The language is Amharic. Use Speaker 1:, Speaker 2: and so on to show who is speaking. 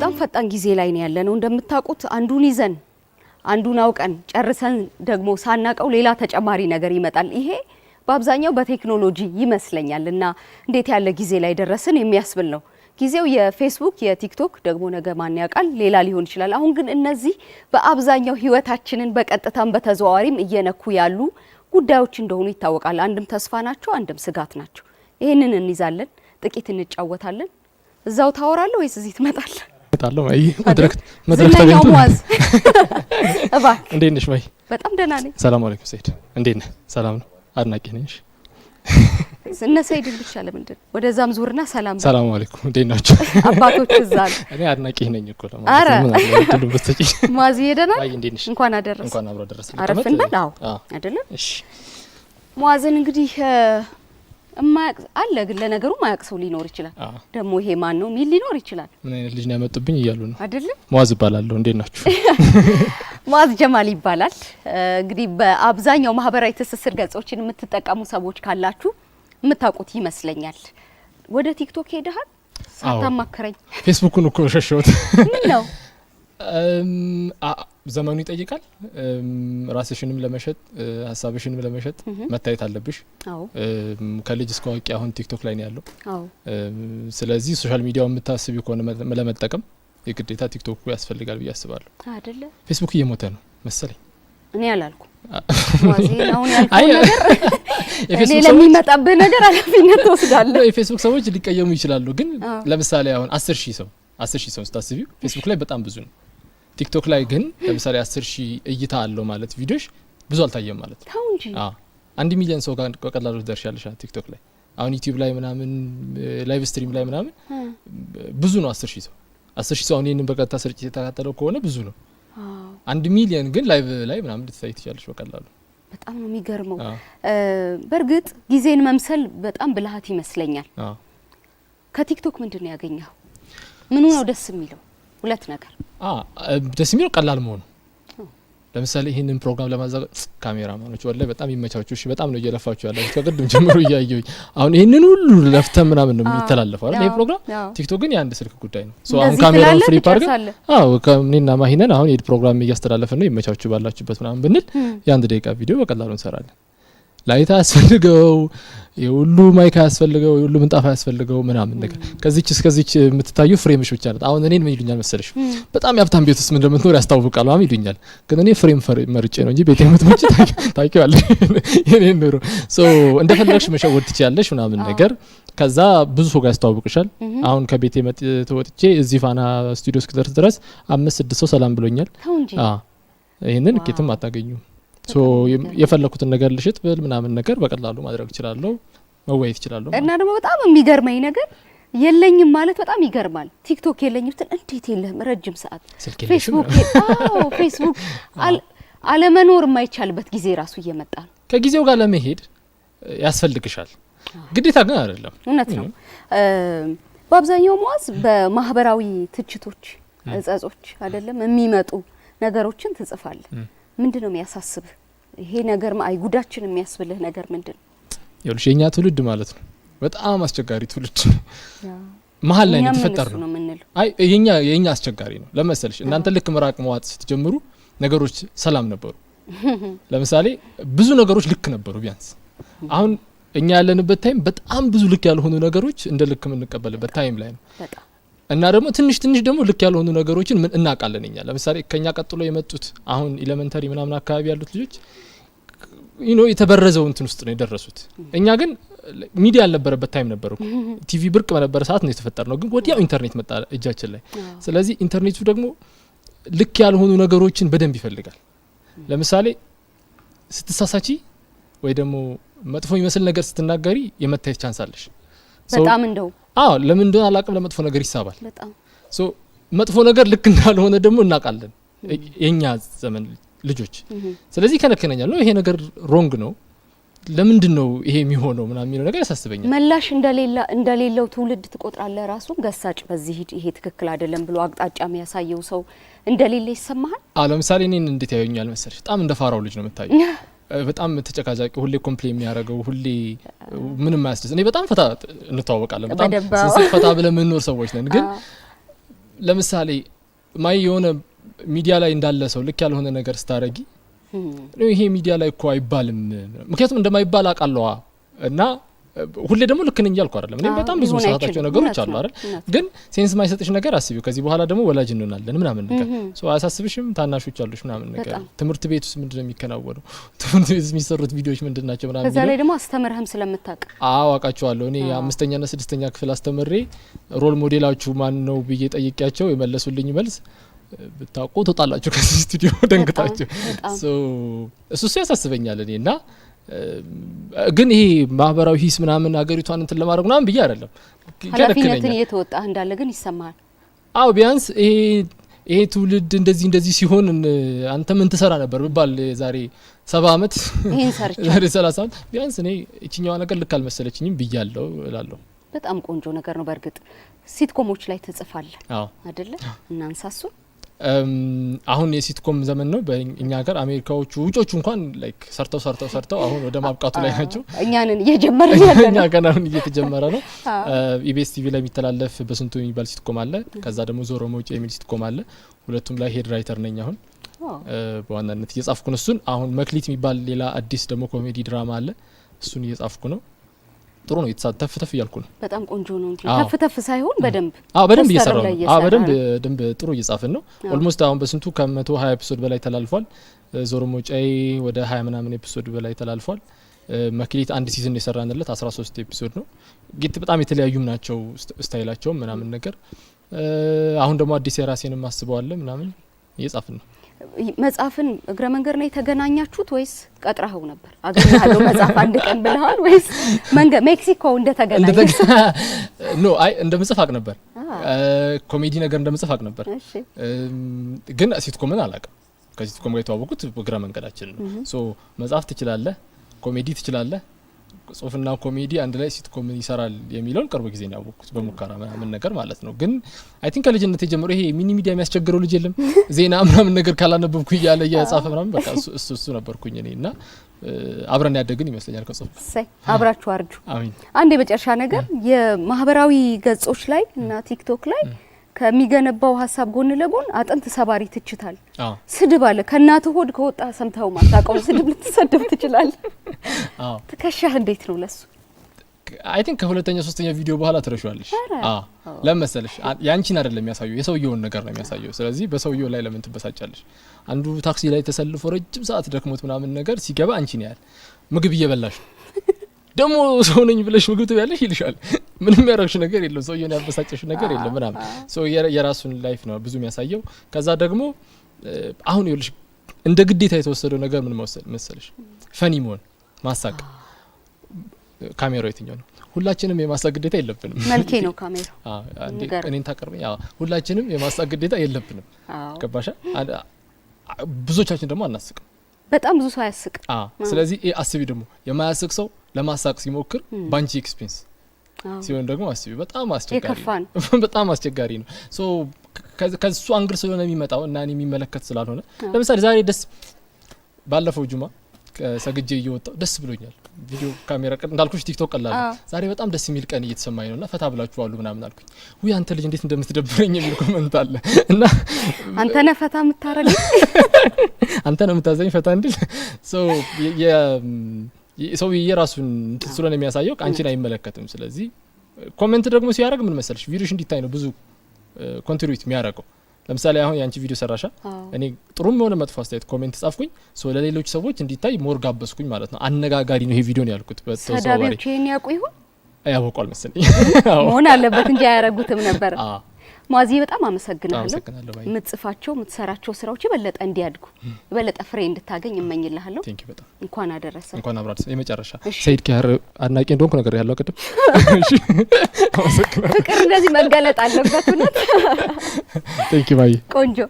Speaker 1: በጣም ፈጣን ጊዜ ላይ ነው ያለነው። እንደምታውቁት አንዱን ይዘን አንዱን አውቀን ጨርሰን ደግሞ ሳናቀው ሌላ ተጨማሪ ነገር ይመጣል። ይሄ በአብዛኛው በቴክኖሎጂ ይመስለኛል እና እንዴት ያለ ጊዜ ላይ ደረስን የሚያስብል ነው። ጊዜው የፌስቡክ የቲክቶክ ደግሞ ነገ ማን ያውቃል ሌላ ሊሆን ይችላል። አሁን ግን እነዚህ በአብዛኛው ህይወታችንን በቀጥታም በተዘዋዋሪም እየነኩ ያሉ ጉዳዮች እንደሆኑ ይታወቃል። አንድም ተስፋ ናቸው፣ አንድም ስጋት ናቸው። ይህንን እንይዛለን፣ ጥቂት እንጫወታለን። እዛው ታወራለህ ወይስ እዚህ ትመጣለህ?
Speaker 2: ጣለሁ ማይ መድረክ መድረክ ተገኝቶ እባክህ፣ እንዴት ነሽ ማይ?
Speaker 1: በጣም ደህና ነኝ።
Speaker 2: ሰላም አለይኩም ሰይድ፣ እንዴት ነህ? ሰላም ነው፣ አድናቂ ነሽ።
Speaker 1: እነ ሰይድ ብቻ ለምንድን ነው? ወደዛም ዙርና ሰላም
Speaker 2: ሰላም አለይኩም፣ እንዴት ናቸው
Speaker 1: አባቶች? እዛ ነው።
Speaker 2: እኔ አድናቂ ነኝ እኮ
Speaker 1: ለማለት ነው። ምን ብትጪ ማዚ ሄደና ማይ፣ እንዴት ነሽ? እንኳን አደረሰ
Speaker 2: እንኳን አብሮ አደረሰ።
Speaker 1: አረፍ እንበል። አዎ አይደለም? እሺ ሙአዝን እንግዲህ የማያውቅ አለ። ግን ለነገሩ ማያውቅ ሰው ሊኖር ይችላል። ደግሞ ይሄ ማን ነው የሚል ሊኖር ይችላል።
Speaker 2: ምን አይነት ልጅ ነው ያመጡብኝ እያሉ ነው አይደለም። ሙአዝ እባላለሁ። እንዴት ናችሁ?
Speaker 1: ሙአዝ ጀማል ይባላል። እንግዲህ በአብዛኛው ማህበራዊ ትስስር ገጾችን የምትጠቀሙ ሰዎች ካላችሁ የምታውቁት ይመስለኛል። ወደ ቲክቶክ ሄደሃል ሳታማክረኝ?
Speaker 2: ፌስቡኩን እኮ ሸሸሁት። ምን ነው ዘመኑ ይጠይቃል። ራስሽንም ለመሸጥ ሀሳብሽንም ለመሸጥ መታየት አለብሽ። ከልጅ እስከ አዋቂ አሁን ቲክቶክ ላይ ነው ያለው። ስለዚህ ሶሻል ሚዲያው የምታስቢው ከሆነ ለመጠቀም የግዴታ ቲክቶኩ ያስፈልጋል ብዬ አስባለሁ። አይደለ ፌስቡክ እየሞተ ነው መሰለኝ።
Speaker 1: እኔ አላልኩ ለሚመጣብህ ነገር ኃላፊነት ትወስዳለህ።
Speaker 2: የፌስቡክ ሰዎች ሊቀየሙ ይችላሉ፣ ግን ለምሳሌ አሁን አስር ሺህ ሰው አስር ሺህ ሰው ስታስቢው ፌስቡክ ላይ በጣም ብዙ ነው። ቲክቶክ ላይ ግን ለምሳሌ አስር ሺህ እይታ አለው ማለት ቪዲዮሽ ብዙ አልታየም ማለት ነው። አንድ ሚሊዮን ሰው ጋር በቀላሉ ቲክቶክ ላይ። አሁን ዩቲዩብ ላይ ምናምን ላይቭ ስትሪም ላይ ምናምን ብዙ ነው አስር ሺህ ሰው አስር ሺህ ሰው አሁን ይህንን በቀጥታ ስርጭት የተካተለው ከሆነ ብዙ ነው። አንድ ሚሊዮን ግን ላይቭ ላይ ምናምን ልትታይ ትችላለች በቀላሉ።
Speaker 1: በጣም ነው የሚገርመው። በእርግጥ ጊዜን መምሰል በጣም ብልሀት ይመስለኛል። ከቲክቶክ ምንድን ነው ያገኘው? ምኑ ነው ደስ የሚለው? ሁለት ነገር
Speaker 2: ደስ የሚለው ቀላል መሆኑ። ለምሳሌ ይህንን ፕሮግራም ለማዘጋጀት ካሜራማኖች ወላሂ በጣም ይመቻችሁ። እሺ፣ በጣም ነው እየለፋችሁ ያላችሁ ከቅድም ጀምሮ እያየሁኝ። አሁን ይህንን ሁሉ ለፍተ ምናምን ነው የሚተላለፈው አይደል? ይህ ፕሮግራም ቲክቶክ ግን የአንድ ስልክ ጉዳይ ነው። አሁን ካሜራውን ፍሪ ፓርግ አዎ፣ ማሂነን አሁን የድ ፕሮግራም እያስተላለፈ ነው። ይመቻችሁ ባላችሁበት ምናምን ብንል የአንድ ደቂቃ ቪዲዮ በቀላሉ እንሰራለን። ላይታ አስፈልገው የሁሉ ማይክ አያስፈልገው የሁሉ ምንጣፍ አያስፈልገው ምናምን ነገር ከዚች እስከዚች የምትታዩ ፍሬምሽ ብቻ ናት። አሁን እኔን ምን ይሉኛል መሰለሽ በጣም የሀብታም ቤት ውስጥ እንደምትኖር ያስታውቃል ማም ይሉኛል። ግን እኔ ፍሬም መርጬ ነው እንጂ ቤት የምትመጪ ታውቂዋለሽ የኔን ኑሮ እንደፈለግሽ መሸወድ ትችያለሽ ምናምን ነገር ከዛ ብዙ ሰው ጋር ያስተዋውቅሻል። አሁን ከቤቴ ወጥቼ እዚህ ፋና ስቱዲዮ እስክደርስ ድረስ አምስት ስድስት ሰው ሰላም ብሎኛል። ይህንን ኬትም አታገኙም የፈለኩትን ነገር ልሽት ብል ምናምን ነገር በቀላሉ ማድረግ እችላለሁ፣ መወያየት እችላለሁ።
Speaker 1: እና ደግሞ በጣም የሚገርመኝ ነገር የለኝም ማለት በጣም ይገርማል። ቲክቶክ የለኝም እንትን እንዴት የለህም? ረጅም ሰዓት ፌስቡክ ፌስቡክ አለመኖር የማይቻልበት ጊዜ ራሱ እየመጣ ነው።
Speaker 2: ከጊዜው ጋር ለመሄድ ያስፈልግሻል፣ ግዴታ ግን አይደለም። እውነት ነው።
Speaker 1: በአብዛኛው መዋዝ በማህበራዊ ትችቶች፣ እጸጾች አይደለም የሚመጡ ነገሮችን ትጽፋለህ ምንድን ነው የሚያሳስብህ? ይሄ ነገር አይጉዳችን ጉዳችን የሚያስብልህ ነገር ምንድን ነው?
Speaker 2: ይኸውልሽ ትውልድ ማለት ነው በጣም አስቸጋሪ ትውልድ መሀል ላይ የተፈጠር ነው። አይ የኛ የኛ አስቸጋሪ ነው ለመሰልሽ እናንተ ልክ ምራቅ መዋጥ ስትጀምሩ ነገሮች ሰላም ነበሩ። ለምሳሌ ብዙ ነገሮች ልክ ነበሩ ቢያንስ አሁን እኛ ያለንበት ታይም በጣም ብዙ ልክ ያልሆኑ ነገሮች እንደ ልክ የምንቀበልበት ታይም ላይ ነው። እና ደግሞ ትንሽ ትንሽ ደግሞ ልክ ያልሆኑ ነገሮችን ምን እናቃለን እኛ። ለምሳሌ ከኛ ቀጥሎ የመጡት አሁን ኢለመንተሪ ምናምን አካባቢ ያሉት ልጆች ኖ የተበረዘው እንትን ውስጥ ነው የደረሱት። እኛ ግን ሚዲያ ያልነበረበት ታይም ነበር እኮ ቲቪ ብርቅ በነበረ ሰዓት ነው የተፈጠር ነው። ግን ወዲያው ኢንተርኔት መጣ እጃችን ላይ። ስለዚህ ኢንተርኔቱ ደግሞ ልክ ያልሆኑ ነገሮችን በደንብ ይፈልጋል። ለምሳሌ ስትሳሳቺ ወይ ደግሞ መጥፎ የሚመስል ነገር ስትናገሪ የመታየት ቻንስ አለሽ በጣም እንደው አዎ ለምን እንደሆነ አላቅም፣ ለመጥፎ ነገር ይሳባል። ሶ መጥፎ ነገር ልክ እንዳልሆነ ደግሞ እናውቃለን የእኛ ዘመን ልጆች። ስለዚህ ይከነክነኛል ነው ይሄ ነገር ሮንግ ነው ለምንድን ነው ይሄ የሚሆነው ምናምን የሚለው ነገር ያሳስበኛል።
Speaker 1: መላሽ እንደሌላ እንደሌለው ትውልድ ትቆጥራለ ራሱ ገሳጭ በዚህ ይሄ ትክክል አይደለም ብሎ አቅጣጫ የሚያሳየው ሰው እንደሌለ ይሰማሃል።
Speaker 2: አዎ ለምሳሌ እኔን እንዴት ያዩኛል መሰለሽ? በጣም እንደ ፋራው ልጅ ነው የምታዩ በጣም ተጨቃጫቂ፣ ሁሌ ኮምፕሌ የሚያደርገው ሁሌ ምንም አያስደስት። እኔ በጣም ፈታ እንተዋወቃለን፣ በጣም ስንስቅ ፈታ ብለን የምንኖር ሰዎች ነን። ግን ለምሳሌ ማይ የሆነ ሚዲያ ላይ እንዳለ ሰው ልክ ያልሆነ ነገር ስታደረጊ ይሄ ሚዲያ ላይ እኮ አይባልም፣ ምክንያቱም እንደማይባል አውቃለዋ እና ሁሌ ደግሞ ልክ ነኝ እያልኩ አይደለም። እኔም በጣም ብዙ መሳሳታቸው ነገሮች አሉ አይደል? ግን ሴንስ ማይሰጥሽ ነገር አስቢው። ከዚህ በኋላ ደግሞ ወላጅ እንሆናለን ምናምን ነገር አያሳስብሽም? ታናሾች አሉሽ ምናምን ነገር ትምህርት ቤት ውስጥ ምንድነው የሚከናወኑ ትምህርት ቤት ውስጥ የሚሰሩት ቪዲዮዎች ምንድን ናቸው? ምናምን ከዛ
Speaker 1: ላይ ደግሞ አስተምርህም ስለምታውቅ
Speaker 2: አዎ አውቃቸዋለሁ። እኔ አምስተኛና ስድስተኛ ክፍል አስተምሬ ሮል ሞዴላችሁ ማን ነው ብዬ ጠይቄያቸው የመለሱልኝ መልስ ብታውቁ ትወጣላችሁ ከዚህ ስቱዲዮ ደንግጣችሁ። እሱ እሱ ያሳስበኛል እኔ እና ግን ይሄ ማህበራዊ ሂስ ምናምን ሀገሪቷን እንትን ለማድረግ ምናምን ብዬ አይደለም።
Speaker 1: ኃላፊነትን እየተወጣ እንዳለ ግን ይሰማል።
Speaker 2: አዎ ቢያንስ ይሄ ይሄ ትውልድ እንደዚህ እንደዚህ ሲሆን አንተ ምን ትሰራ ነበር ብባል ዛሬ ሰባ አመት ዛሬ ሰላሳ አመት ቢያንስ እኔ እችኛዋ ነገር ልክ አልመሰለችኝም ብያለው እላለሁ።
Speaker 1: በጣም ቆንጆ ነገር ነው። በእርግጥ ሲትኮሞች ላይ ትጽፋለህ አደለ? እናንሳሱን
Speaker 2: አሁን የሲትኮም ዘመን ነው በእኛ ሀገር። አሜሪካዎቹ ውጮቹ እንኳን ላይክ ሰርተው ሰርተው ሰርተው አሁን ወደ ማብቃቱ ላይ ናቸው።
Speaker 1: እኛንን እየጀመረ
Speaker 2: እኛ ገን አሁን እየተጀመረ ነው። ኢቤስ ቲቪ ላይ የሚተላለፍ በስንቱ የሚባል ሲትኮም አለ። ከዛ ደግሞ ዞሮ መውጫ የሚል ሲትኮም አለ። ሁለቱም ላይ ሄድ ራይተር ነኝ አሁን በዋናነት እየጻፍኩ ነው። እሱን አሁን መክሊት የሚባል ሌላ አዲስ ደግሞ ኮሜዲ ድራማ አለ። እሱን እየጻፍኩ ነው። ጥሩ ነው የተሳ ተፍ ተፍ እያልኩ ነው።
Speaker 1: በጣም ቆንጆ ነው እንጂ ተፍ ተፍ ሳይሆን በደንብ
Speaker 2: አዎ፣ በደንብ እየሰራው ነው። አዎ፣ በደንብ ደንብ ጥሩ እየጻፍን ነው። ኦልሞስት አሁን በስንቱ ከ120 ኤፒሶድ በላይ ተላልፏል። ዞሮ ጫይ ወደ ሀያ ምናምን ኤፒሶድ በላይ ተላልፏል። መክሊት አንድ ሲዝን የሰራንለት 13 ኤፒሶድ ነው። ጌት በጣም የተለያዩም ናቸው ስታይላቸው ምናምን ነገር። አሁን ደግሞ አዲስ የራሴንም አስበዋለ ምናምን እየጻፍን ነው።
Speaker 1: መጽሐፍን እግረ መንገድ ነው የተገናኛችሁት ወይስ ቀጥረኸው ነበር? አገኘኸው መጽሐፍ አንድ ቀን ብለሃል ወይስ መንገድ ሜክሲኮ እንደተገናኘ?
Speaker 2: ኖ አይ እንደ መጽሐፍ አቅ ነበር ኮሜዲ ነገር እንደ መጽሐፍ አቅ ነበር፣ ግን ሲትኮምን አላውቅም። ከሲትኮም ጋር የተዋወቁት እግረ መንገዳችን ነው። ሶ መጽሐፍ ትችላለህ፣ ኮሜዲ ትችላለህ ጽሁፍና ኮሜዲ አንድ ላይ ሲትኮም ይሰራል የሚለውን ቅርብ ጊዜ ነው ያወቅኩት፣ በሙከራ ምናምን ነገር ማለት ነው። ግን አይ ቲንክ ከልጅነት የጀምሮ ይሄ ሚኒ ሚዲያ የሚያስቸግረው ልጅ የለም ዜና ምናምን ነገር ካላነበብኩ እያለ እያጻፈ ምናምን በቃ እሱ እሱ ነበርኩኝ እኔ እና አብረን ያደግን ይመስለኛል። ከጽሁፍ
Speaker 1: ሳይ አብራችሁ አርጁ። አንድ የመጨረሻ ነገር የማህበራዊ ገጾች ላይ እና ቲክቶክ ላይ ከሚገነባው ሀሳብ ጎን ለጎን አጥንት ሰባሪ ትችታል፣ ስድብ አለ። ከእናትህ ሆድ ከወጣ ሰምተው ማታውቀውን ስድብ ልትሰድብ ትችላለህ። ትከሻህ እንዴት ነው ለሱ?
Speaker 2: አይ ቲንክ ከሁለተኛ ሶስተኛ ቪዲዮ በኋላ ትረሻለሽ። ለምን ያንቺን አይደለም የሚያሳየው የሰውየውን ነገር ነው የሚያሳየው። ስለዚህ በሰውየው ላይ ለምን ትበሳጫለሽ? አንዱ ታክሲ ላይ ተሰልፎ ረጅም ሰዓት ደክሞት ምናምን ነገር ሲገባ አንቺን ያህል ምግብ እየበላሽ ነው ደግሞ ሰው ነኝ ብለሽ ምግብ ትበያለሽ ይልሻል። ምንም ያረግሽ ነገር የለም፣ ሰውየውን ያበሳጨሽ ነገር የለም ምናምን። ሰው የራሱን ላይፍ ነው ብዙ የሚያሳየው። ከዛ ደግሞ አሁን ይልሽ እንደ ግዴታ የተወሰደው ነገር ምን መሰለሽ? ፈኒ መሆን ማሳቅ። ካሜራው የትኛው ነው? ሁላችንም የማሳቅ ግዴታ የለብንም።
Speaker 1: መልኬ ነው ካሜራ
Speaker 2: እኔን ታቀርበኝ። ሁላችንም የማሳቅ ግዴታ የለብንም። ገባሻ? ብዙዎቻችን ደግሞ አናስቅም።
Speaker 1: በጣም ብዙ ሰው አያስቅ።
Speaker 2: ስለዚህ አስቢ ደግሞ የማያስቅ ሰው ለማሳቅ ሲሞክር ባንቺ ኤክስፔንስ ሲሆን ደግሞ አስቢ በጣም አስቸጋሪ በጣም አስቸጋሪ ነው። ሶ ከሱ አንግል ስለሆነ የሚመጣው እና እኔ የሚመለከት ስላልሆነ ለምሳሌ ዛሬ ደስ ባለፈው ጁማ ሰግጄ እየወጣው ደስ ብሎኛል። ቪዲዮ ካሜራ እንዳልኩሽ ቲክቶክ ቀላል ዛሬ በጣም ደስ የሚል ቀን እየተሰማኝ ነውና ፈታ ብላችሁ አሉ ምናምን አልኩኝ። ውይ አንተ ልጅ እንዴት እንደምትደብረኝ የሚል ኮመንት አለ እና
Speaker 1: አንተ ነህ ፈታ የምታረግ
Speaker 2: አንተ ነው የምታዘኝ ፈታ እንድል ሰው የራሱን እንትን ስለሆነ የሚያሳየው አንቺን አይመለከትም። ስለዚህ ኮመንት ደግሞ ሲያደርግ ምን መሰለሽ ቪዲዮሽ እንዲታይ ነው ብዙ ኮንትሪቢዩት የሚያደርገው ለምሳሌ አሁን የአንቺ ቪዲዮ ሰራሻ እኔ ጥሩም የሆነ መጥፎ አስተያየት ኮሜንት ጻፍኩኝ፣ ለሌሎች ሰዎች እንዲታይ ሞር ጋበዝኩኝ ማለት ነው። አነጋጋሪ ነው ይሄ ቪዲዮ ነው ያልኩት።
Speaker 1: ሰዳቢዎች ይሄን ያውቁ ይሁን
Speaker 2: ያወቋል መሰለኝ
Speaker 1: መሆን አለበት እንጂ አያረጉትም ነበር። ማዚ በጣም አመሰግናለሁ። የምትጽፋቸው የምትሰራቸው ስራዎች የበለጠ እንዲያድጉ የበለጠ ፍሬ እንድታገኝ እመኝልሃለሁ። እንኳን አደረሰ።
Speaker 2: እንኳን አብራት የመጨረሻ ሰይድ ኪያር አድናቂ እንደሆንኩ ነገር ያለው ቅድም
Speaker 1: ፍቅር እንደዚህ መገለጥ አለበት።
Speaker 2: እውነት ቆንጆ